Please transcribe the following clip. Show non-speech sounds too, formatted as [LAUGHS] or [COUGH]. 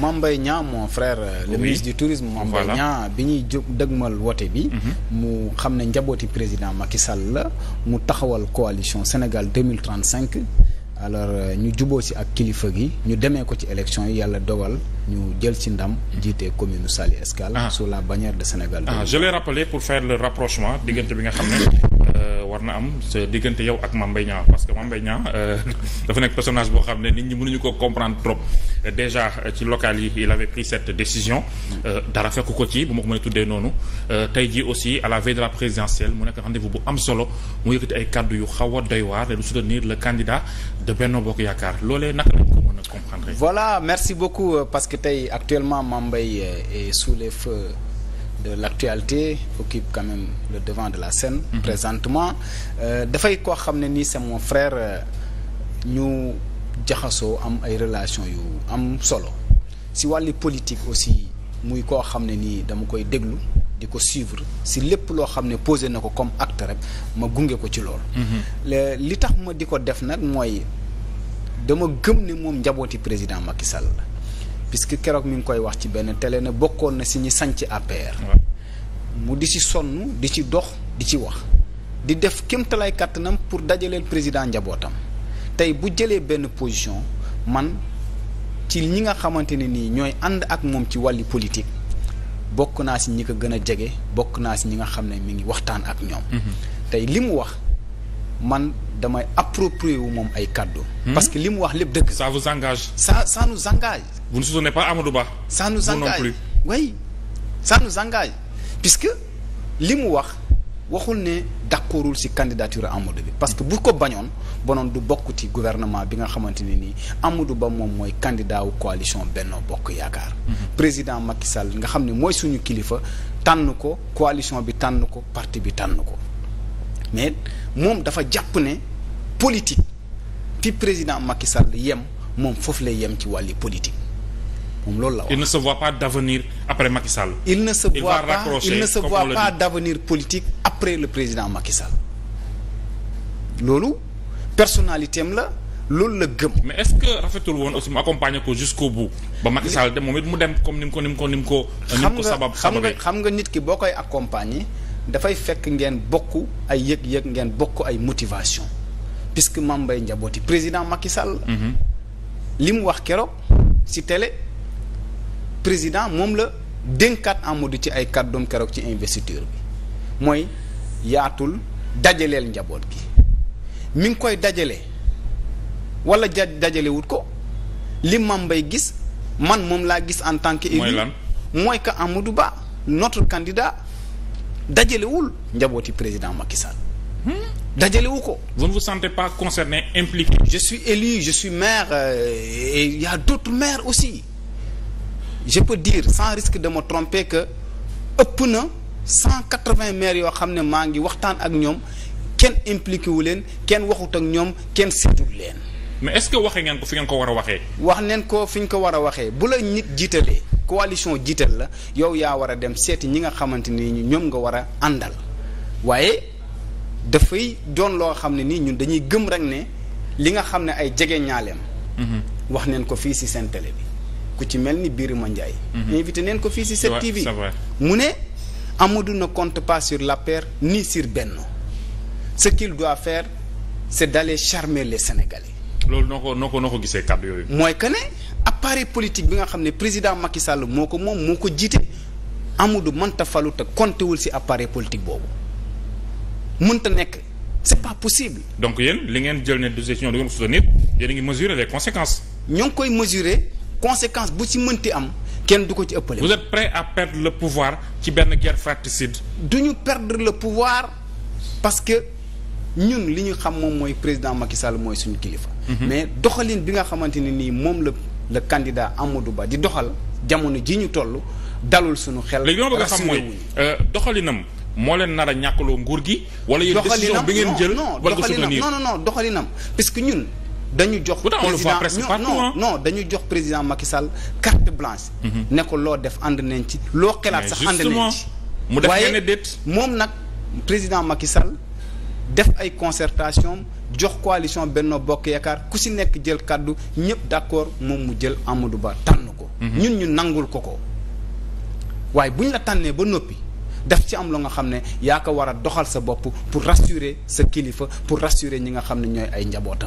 Mame Mbaye Niang mon frère euh, le ministre du tourisme Mame Mbaye bi ñuy jóg dëgmal woote bi mhm. mu xam ne njabooti président Macky Sall la mu taxawal coalition Sénégal 2035 alors euh, ñu juboo si ak kilifa gi ñu demee ko ci élection yi yàlla dogal ñu jël ci ndam jiite commune Saly Escale ah. sous la bannière de Sénégal ah, je l'ai rappelé pour faire le rapprochement diggante bi nga xam ne na am sa diggante yow ak Mame Mbaye parce que Mame Mbaye euh, [LAUGHS] dafa nekk personnage boo xam ne nit ñi mënuñu ko comprendre trop euh, déjà euh, ci local yi il avait pris cette décision dara fekk ko ci bu ma ko mën a tuddee noonu tey jii aussi à la veille de la présidentielle mu nekk rendez bu am solo mu yëkkati ay kàddu yu xaw a doy waar de soutenir le de Benno Bokk Yaakaar loolee naka lañ ko mën a comprendre. voilà merci beaucoup parce que tey actuellement de l'actualité occupe quand même le devant de la scène mm -hmm. présentement euh, dafay koo xam ne nii c'est mon frère euh, ñu jaxasoo am ay relation yu am solo si wàlli politique aussi muy koo xam ne nii dama koy déglu di ko suivre si lépp loo xam ne posé na ko comme acte rek ma gunge ko ci lool mhm. li tax ma di ko def nag mooy dama gëm ne moom njabooti président Macky Sall la puisque keroog mi ngi koy wax ci benn télé ne bokkoon na si ñi sanc APR. mu di si sonn di ci dox di ci wax. di def kéemtalaay kàttanam pour dajaleel président njabootam tey bu jëlee benn position man ci ñi nga xamante ne nii ñooy ànd ak moom ci wàlli politique bokk naa si ñi ko gën a jege bokk naa si ñi nga xam ne mi ngi waxtaan ak ñoom. Mm-hmm. tey li mu wax. man damay approprier wu moom ay kàddu. Hmm? parce que li mu wax lépp dëgg. ça vous engage. ça ça nous engage. vous ne soutenez pas Amadou Ba. ça nous engage vous non li mu wax waxul ne d'accordul si candidature Amadou bi parce que bu ko bañoon bonoon du bokk ci gouvernement bi nga xamante ne nii Amadou Ba moom mooy candidat wu coalition Benno Bokk Yaakaar. Hmm. président Macky Sall nga xam ne mooy suñu kilifa tànn ko coalition bi tànn ko parti bi tànn ko. mais moom dafa jàpp ne politique fi président Macky Sall yem moom foofu lay yem ci wàlli politique moom loolu la wax. il ne se voit pas d'avenir après Macky Sall. il ne se voit pas il ne se voit pas d'avenir politique après le président Macky Sall loolu personnalité am la. loolu la gëm. mais est-ce que rafetul woon aussi mu accompagner ko jusqu'au bout. ba Macky Sall moom it mu dem comme ni mu ko ni mu ko ni mu ko. ni mu ko xam nga xam nga nit ki boo koy accompagner. dafay fekk ngeen bokk ay yëg-yëg ngeen bokk ay motivation puisque Mame Mbaye njabooti président Macky Sall. Mhm. li mu wax keroog ci tele président moom la dénkaat Amadou ci ay kàddoom keroog ci investiture bi mooy yaatul dajaleel njaboot gi mi ngi koy dajale wala ja dajalewut ko li mambay gis man moom laa gis en tant que élu mooy que Amadou Ba notre candidat dajalewul njabooti président Macky Sall. dajalewu ko. vous ne vous sentez pas concerné impliqué. je suis élu je suis maire euh, et il y aussi je peut dire sans risque de me tromper que ëpp na cent quatre-vingts maires yoo xam ne maa ngi waxtaan ak ñoom kenn impliqué wu leen kenn waxut ak ñoom kenn seetul leen. mais est-ce que waxe ngeen ko fi ngeen ko war a waxee. wax neen ko fi ñu ko war a waxee bu la nit jiitalee. coalition jiital la yow yaa war a dem seeti ñi nga xamante ni ñoom nga war a àndal waaye dafay doon loo xam ne nii ñun dañuy gëm rek ne li nga xam ne ay jege ñaaleem mhm. wax neen ko fii si seen télé bi ku ci mel ni Birima Ndiaye mhm. invité neen ko fii si 7 mu ne Amadou ne compte pas sur l'APR ni sur Benno ce qu'il doit faire c'est d'aller charmer les loolu noo ko noo ko noo ko gisee kàddu yooyu. mooy que ne appareil politique bi nga xam ne président Macky Sall moo ko moom moo ko jiite Amadou mënta falu te compté wul si appareil politique boobu mënta nekk c'est pas possible. donc yéen li ngeen jël ne de du ngeen ko soutenir yéen a ngi mesurer ñoo ngi koy mesurer conséquence bu ci mënti am. kenn du ko ci ëppale. vous êtes prêt à perdre le pouvoir ci benn guerre fratricide. du ñu perdre la pouvoir parce que. ñun li ñu xam moom mooy président Macky Sall mooy suñu kilifa. Mhm. mais doxalin bi nga xamante ne nii moom la le candidat Amadou Ba di doxal jamono ji ñu toll dalul suñu xel. léegi li ma bëgg a xam mooy euh, doxalinam moo leen nar a ñàkkaloo nguur gi. wala yéen décision bi ngeen jël wala non non non doxalinam parce que ñun. dañu jox président non non dañu jox président Macky Sall carte blanche. Mhm. ne ko loo def ànd nañ ci. loo xelaat sax ànd nañ ci. mu def waaye moom nag président Macky Sall. def ay concertation jox coalition Benno Bokk Yaakaar ku si nekk jël kàddu ñëpp d'accord moom mu jël Amadou Ba tànn ko. Mhm. ñun ñu nangul ko ko waaye bu ñu la tànnee ba noppi. daf ci am lu nga xam ne yaa ko war a doxal sa bopp pour rassurer sa kilifa pour rassurer ñi nga xam ne ñooy ay njabootam.